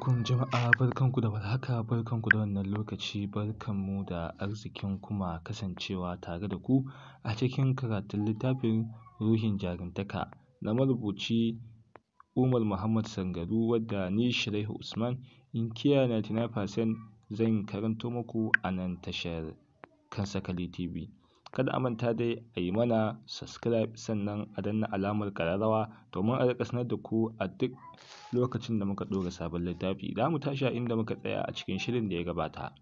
alaikum jama'a barkanku da warhaka barkanku da wannan lokaci barkanmu da arzikin kuma kasancewa tare da ku a cikin karatun littafin ruhin jarumtaka na marubuci Umar Muhammad Sangaru wadda ni Shiraihu Usman inkiya 99% zan karanto muku a nan tashar Kansakali TV kada a manta dai a yi mana subscribe sannan a danna alamar ƙararrawa domin a riƙa sanar da ku a duk lokacin da muka ɗora sabon littafi za mu tashi a inda muka tsaya a cikin shirin da ya gabata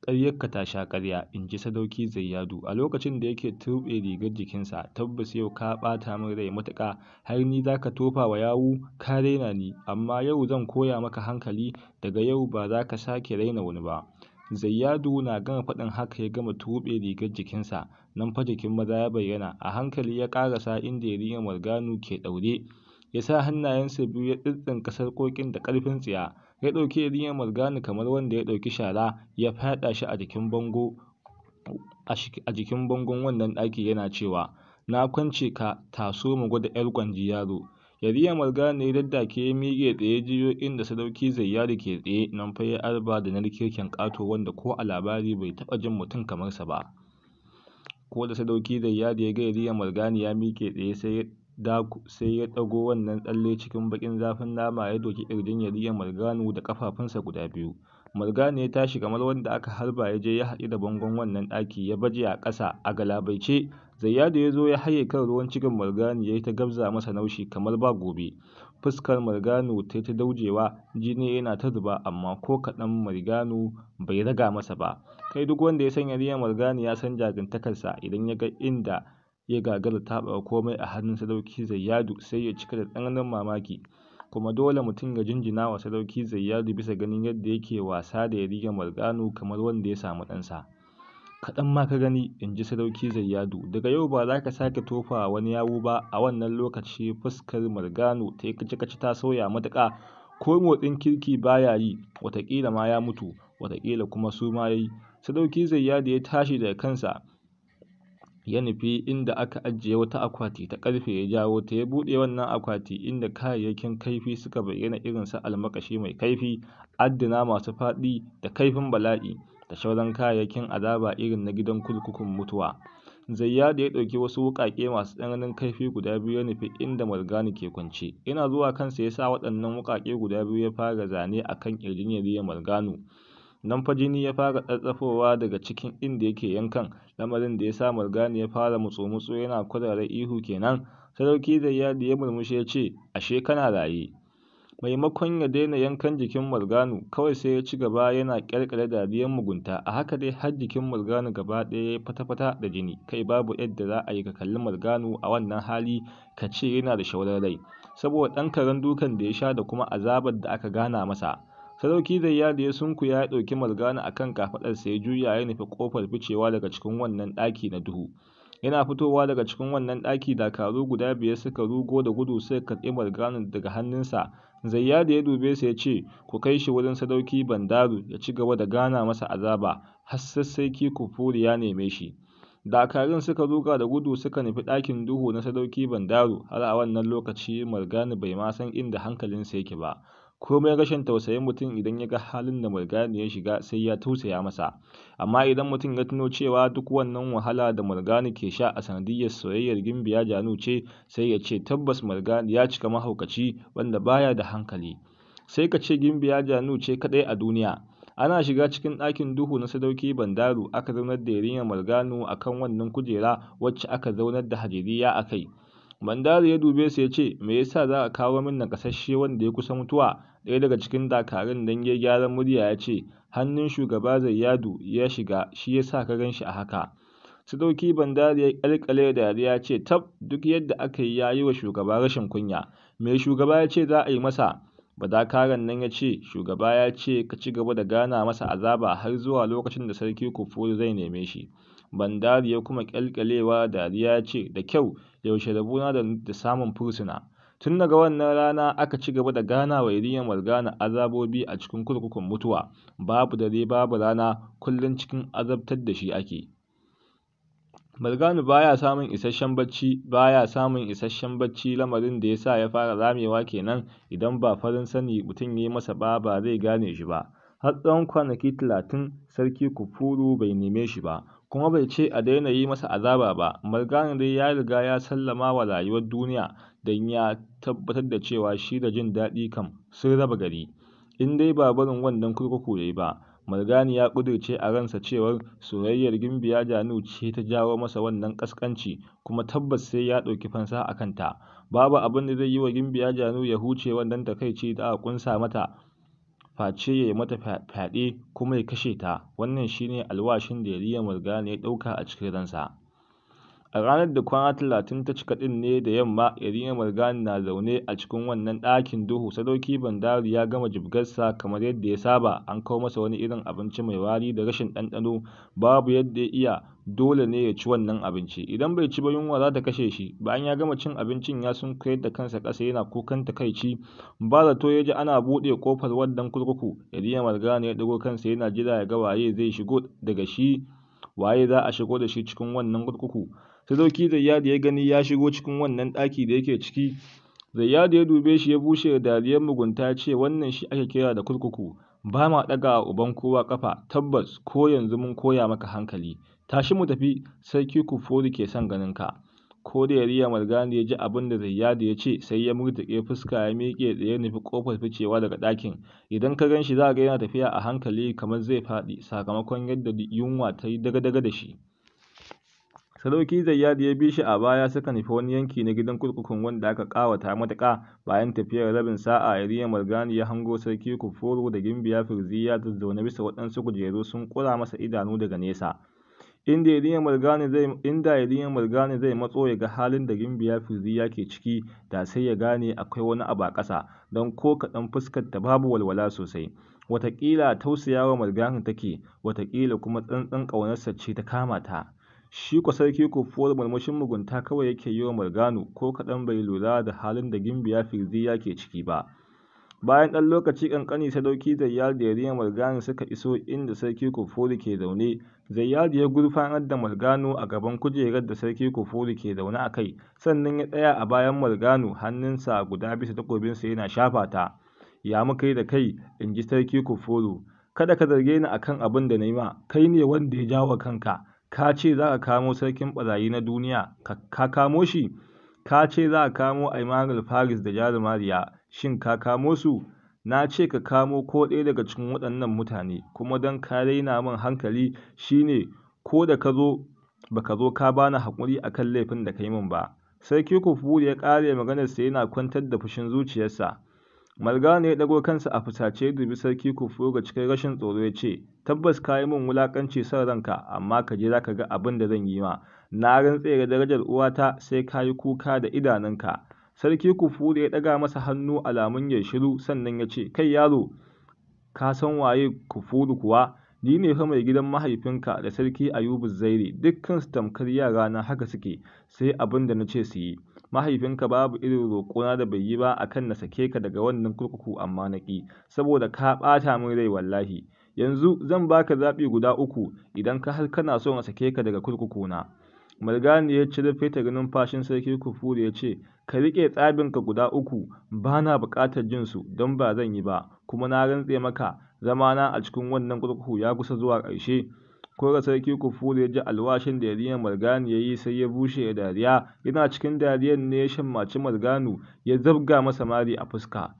ƙaryarka ta sha ƙarya in ji sadauki zayyadu a lokacin da yake turɓe rigar jikinsa tabbas yau ka ɓata min rai matuƙa har ni za ka tofa wa yawu ka raina ni amma yau zan koya maka hankali daga yau ba za ka sake raina wani ba Zayyadu na gama faɗin haka ya gama tuɓe rigar jikinsa, nan fa jikin maza ya bayyana, a hankali ya ƙarasa inda Yarima marganu ke ɗaure, ya sa hannayensa biyu ya kasar sarƙoƙin da ƙarfin tsiya, ya ɗauki Yarima marganu kamar wanda ya ɗauki shara ya fyaɗa shi a jikin bango a jikin bangon wannan ɗaki yana cewa, na kwance ka taso mu gwada ƴar gwanji yaro. Yariya Morgan ne ke ya miƙe tsaye jiyo inda Sadauki Zayyari ke tsaye nan fa ya arba da narkeken kato wanda ko a labari bai taɓa jin mutum kamar sa ba. Ko da Sadauki Zayyari ya ga Yariya Morgan ya mike tsaye sai ya dago wannan tsalle cikin bakin zafin nama ya doki ƙirjin Yariya Morgan da kafafunsa guda biyu. margani ya tashi kamar wanda aka harba ya je ya haɗu da bangon wannan ɗaki ya baje a ƙasa a galabaice Zayyadu ya zo ya haye kan ruwan cikin Morgana ya yi ta gabza masa naushi kamar ba gobe. Fuskar Morgana ta yi ta daujewa, jini yana ta zuba, amma ko kaɗan Morgana bai raga masa ba. Kai duk wanda ya sanya Yarima Morgana ya san jagantakarsa idan ya ga inda ya gagara taɓa komai a hannun sadauki Zayyadu sai ya cika da tsananin mamaki. Kuma dole mutum ya jinjina wa sadauki Zayyadu bisa ganin yadda yake wasa da Yarima Morgana kamar wanda ya samu ɗansa. kaɗan ma ka gani in ji Sadauki Zayyadu. Daga yau ba za ka sake tofa wani yawu ba. A wannan lokaci fuskar margano ta yi kaci kaci ta sauya matuƙa, ko motsin kirki ba ya yi, wataƙila ma ya mutu, wataƙila kuma suma ya yi. Sadauki Zayyadu ya tashi daga kansa ya nufi inda aka ajiye wata akwati ta ƙarfe ya jawo ta ya buɗe wannan akwati inda kayayyakin kaifi suka bayyana irin su almakashi mai kaifi, adduna masu faɗi da kaifin bala'i. da sauran kayayyakin azaba irin na gidan kurkukun mutuwa. Zayyadu ya ɗauki wasu wuƙaƙe masu tsananin kaifi guda biyu ya nufi inda Morgana ke kwance. Ina zuwa kansa ya sa waɗannan wuƙaƙe guda biyu ya fara zane a kan ya Yariya Nan fa jini ya fara tsattsafowa daga cikin inda yake yankan, lamarin da ya sa margani ya fara mutsu-mutsu yana kwarara ihu kenan. Sarauki Zayyadu ya murmushi ya ce, ashe kana raye. Maimakon ya daina yankan jikin Morgano, kawai sai ya ci gaba yana ƙyalƙyale dariyar mugunta, a haka dai har jikin Morgano gaba ɗaya ya fata-fata da jini, kai babu yadda za a yi ka kalli Morgano a wannan hali ka ce yana da shawarar rai, saboda ɗan karen dukan da ya sha da kuma azabar da aka gana masa. Sarauki Zayyadu ya da ya ɗauki Morgana a kan kafaɗarsa ya juya ya nufi ƙofar ficewa daga cikin wannan ɗaki na duhu. Yana fitowa daga cikin wannan ɗaki dakaru guda biyar suka rugo da gudu sai karɓi Morganon daga hannunsa. Zayyada ya dube sa ya ce, Ku kai shi wurin sadauki Bandaru ya ci gaba da gana masa azaba, har sassai ki Kufuri ya neme shi. Dakarun suka ruga da gudu suka nufi ɗakin duhu na sadauki Bandaru har a wannan lokaci marganu bai ma san inda hankalinsa yake ba. komai rashin tausayin mutum idan ya ga halin da Murgani ya shiga sai ya tausaya masa amma idan mutum ya tuno cewa duk wannan wahala da Murgani ke sha a sanadiyyar soyayyar Gimbiya Janu ce sai ya ce tabbas Murgani ya cika mahaukaci wanda baya da hankali sai ka ce Gimbiya Janu ce kadai a duniya ana shiga cikin ɗakin duhu na sadauki bandaru aka zaunar da yarinyar Murganu akan wannan kujera wacce aka zaunar da Hajiriya a kai Mandari ya dube su ya ce, "Me yasa za a kawo min nakasasshe wanda ya kusa mutuwa?" Ɗaya daga cikin dakarun don ya gyara murya ya ce, "Hannun Shugaba zai yadu ya shiga, shi ya sa ka gan shi a haka." Sadauki Bandari ya ƙalƙale da dariya ya ce, "Tab, duk yadda aka yi ya yi wa shugaba rashin kunya. Me shugaba ya ce za a yi masa?" Badakaran nan ya ce, "Shugaba ya ce ka ci gaba da gana masa azaba har zuwa lokacin da Sarki Kufuru zai neme shi." Bandari ya kuma kyalkalewa dariya ya ce, da kyau, yaushe rabona da samun fursuna. Tun daga wannan rana aka ci gaba da gana wa Iriyan Walgana azabobi a cikin kurkukun mutuwa, babu dare babu rana, kullum cikin azabtar da shi ake. Malganu baya samun isasshen bacci baya samun isasshen bacci lamarin da ya sa ya fara ramewa kenan idan ba farin sani mutum ya yi masa ba ba zai gane shi ba. Har tsawon kwanaki talatin sarki Kufuru bai neme shi ba. kuma bai ce a daina yi masa azaba ba Malgani dai ya riga ya sallama wa rayuwar duniya don ya tabbatar da cewa shi da jin daɗi kam sun raba gari in dai ba barin wannan kurkuku ya yi ba Malgani ya ƙudurce a ransa cewar soyayyar Gimbiya Janu ce ta jawo masa wannan ƙasƙanci kuma tabbas sai ya ɗauki fansa a kanta babu abin da zai yi wa Gimbiya Janu ya huce wannan takaici da aka ƙunsa mata face ya yi mata fyaɗe kuma ya kashe ta, wannan shine alwashin da Yarima Morgana ya ɗauka a cikin ransa. A ranar da kwana talatin ta cika ɗin ne da yamma Irina margani na zaune a cikin wannan ɗakin duhu, Sadauki bandari ya gama jibgarsa kamar yadda ya saba, an kawo masa wani irin abinci mai wari da rashin ɗanɗano, babu yadda ya iya, dole ne ya ci wannan abinci, idan bai ci ba yunwa za ta kashe shi, bayan ya gama cin abincin ya sun kai da kansa ƙasa yana kukan takaici, ba zato ya ji ana buɗe kofar wannan kurkuku, Irina margani ya ɗago kansa yana jira ya ga waye zai shigo daga shi waye za a shigo da shi cikin wannan kurkuku. Sarki Zayyad ya gani ya shigo cikin wannan ɗaki da yake ciki, Zayyad ya dube shi ya bushe da dariyar mugunta ya ce wannan shi ake kira da kurkuku, ba ma ɗaga uban kowa kafa tabbas ko yanzu mun koya maka hankali, tashi mu tafi, sarki Kufuri ke son ka Ko da Yariya Margani ya ji abin da Zayyad ya ce sai ya murtake fuska ya miƙe tsaye ya nufi kofar ficewa daga ɗakin, idan ka gan shi za ka ga yana tafiya a hankali kamar zai faɗi sakamakon yadda yunwa ta yi daga-daga da shi. sarauki Zayyad ya bi shi a baya suka nufi wani yanki na gidan kurkukun wanda aka ƙawata matuƙa bayan tafiyar rabin sa'a Iriya margani ya hango Sarki kufuru da Gimbiya Firziya da zaune bisa waɗansu kujeru sun ƙura masa idanu daga nesa. Inda Iriya margani zai inda matso ya ga halin da Gimbiya Firziya ke ciki da sai ya gane akwai wani abu a ƙasa don ko kaɗan fuskar ta babu walwala sosai. Wataƙila tausayawa margani take, wataƙila kuma tsantsan ƙaunarsa ce ta kama ta. Shi kwa Sarki fuwar murmushin mugunta kawai yake yi wa ko kaɗan bai lura da halin da Gimbiya firzi ke ciki ba. Bayan ɗan lokaci ƙanƙani Sadauki Zayyad da Yarima Marganu suka iso inda Sarki Kufuru ke zaune, Zayyad ya gurfanar da Marganu a gaban kujerar da Sarki Kufuru ke zaune a kai, sannan ya tsaya a bayan Marganu hannunsa guda bisa takobinsa yana shafa ta. Ya muka yi da kai, in ji Sarki Kufuru. kada ka zarge ni akan abin da na yi ma, kai ne wanda ya jawo kanka. ka ce za a kamo sarkin ɓarayi na duniya ka kamo shi ka ce za a kamo aimarar faris da jarumariya shin ka kamo su na ce ka kamo ko ɗaya daga cikin waɗannan mutane kuma don ka raina min hankali shine ko da ka zo ba ka zo ka bani haƙuri a kan laifin da ka yi min ba sarki kufuru ya ƙare maganarsa yana kwantar da fushin zuciyarsa Malgano ya ɗago kansa a fusace ya dubi Sarki ga cikin rashin tsoro ya ce, Tabbas kayi yi min wulakanci san ranka, amma ka je za ka ga abin da zan yi ma. Na rantse da darajar uwata sai ka yi kuka da idanunka. Sarki Kufuor ya ɗaga masa hannu alamun ya shiru sannan ya ce, Kai yaro, ka san waye Kufuor kuwa? Ni ne fa mai gidan mahaifinka da Sarki Ayubu Zaire, su tamkar na haka suke, sai abin da na ce su yi. mahaifinka babu irin roƙona da bai yi ba akan na sake ka daga wannan kurkuku amma na ƙi saboda ka ɓata min rai wallahi yanzu zan baka zaɓi guda uku idan ka har kana so a sake ka daga kurkukuna Margani ya cire fetur numfashin sarki Kufuru ya ce, Ka riƙe tsabinka guda uku, ba na buƙatar jinsu don ba zan yi ba, kuma na rantse maka zamana a cikin wannan kurkuku ya kusa zuwa ƙarshe. ko da sarki kufuru ya ji alwashin da yarinyar marganu ya yi sai ya bushe ya dariya yana cikin dariyar ne ya shammaci marganu ya zabga masa mari a fuska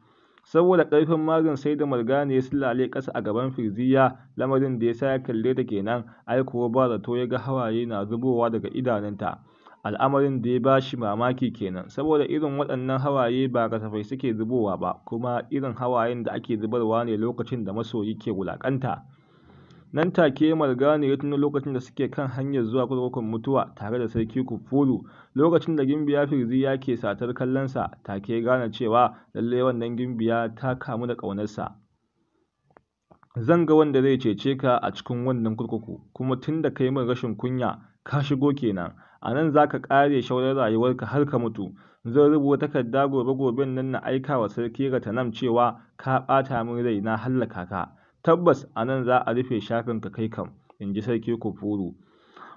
saboda karfin marin sai da marganu ya silale ƙasa a gaban firziya lamarin da ya sa ya kalle ta kenan ai kuwa ba zato ya ga hawaye na zubowa daga idanunta al'amarin da ya bashi mamaki kenan saboda irin waɗannan hawaye ba kasafai suke zubowa ba kuma irin hawayen da ake zubarwa ne lokacin da masoyi ke wulaƙanta Nan take Malgani ya tuno lokacin da suke kan hanyar zuwa kurkukun mutuwa tare da Sarki Kufuru, lokacin da Gimbiya firzi ya ke satar kallonsa, take gane cewa lallai wannan Gimbiya ta kamu da ƙaunarsa. Zan ga wanda zai cece ka a cikin wannan kurkuku, kuma tun da ka yi min rashin kunya, ka shigo kenan, a nan za ka ƙare shaurar rayuwarka har ka mutu. Zan rubuta takarda gobe-goben nan na aika wa Sarki Ratanam cewa ka ɓata min rai na hallaka ka. tabbas a nan za a rufe ka kai kam in ji sarki kufuru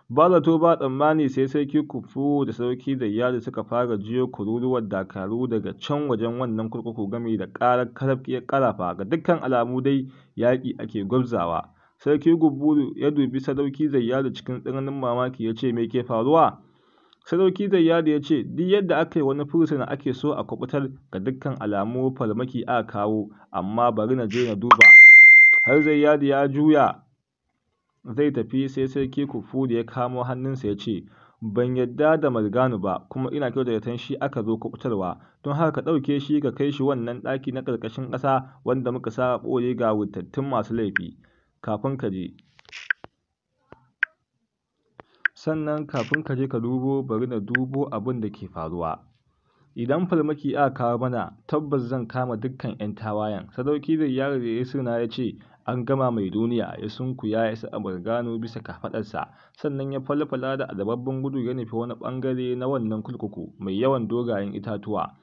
ba zato ba tsammani sai sarki kufuru da sarki da iyali suka fara jiyo kururuwar dakaru daga can wajen wannan kurkuku game da ƙarar karafkiyar ƙarafa ga dukkan alamu dai yaƙi ake gwabzawa sarki guburu ya dubi sadauki zayyadu cikin tsananin mamaki ya ce me ke faruwa sadauki zayyadu ya ce duk yadda aka yi wani fursuna ake so a kubutar ga dukkan alamu farmaki a kawo amma bari na je na duba har zai yadi ya juya zai tafi sai sarki da ya kamo hannunsa ya ce ban yadda da marganu ba kuma ina kyau da yatan shi aka zo kubutarwa don haka ka ɗauke shi ka kai shi wannan ɗaki na karkashin ƙasa wanda muka sa ɓoye ga wutattun masu laifi kafin ka je sannan kafin ka je ka dubo bari na dubo abin da ke faruwa idan farmaki aka kawo mana tabbas zan kama dukkan 'yan tawayen sadauki yaro da ya suna ya ce an gama mai duniya ya sunkuya ya a Morgano bisa kafaɗarsa, sannan ya falfala da albabban gudu ya nufi wani ɓangare na wannan kurkuku mai yawan dogayen itatuwa.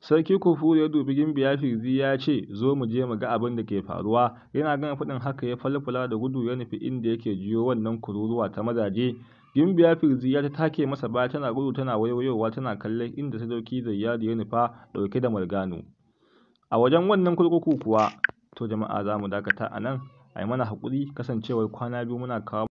Sarki Kufuru ya dubi Gimbiya Firzi ya ce, Zo mu je mu ga abin da ke faruwa, yana gama faɗin haka ya falfala da gudu ya nufi inda yake jiyo wannan kururuwa ta mazaje. Gimbiya Firzi ya ta take masa baya tana gudu tana wayoyowa tana kallon inda sadauki Zayyadu ya nufa ɗauke da Morgano. A wajen wannan kurkuku kuwa To jama'a za mu dakata a nan. a Ai mana haƙuri kasancewar kwana biyu muna kawo.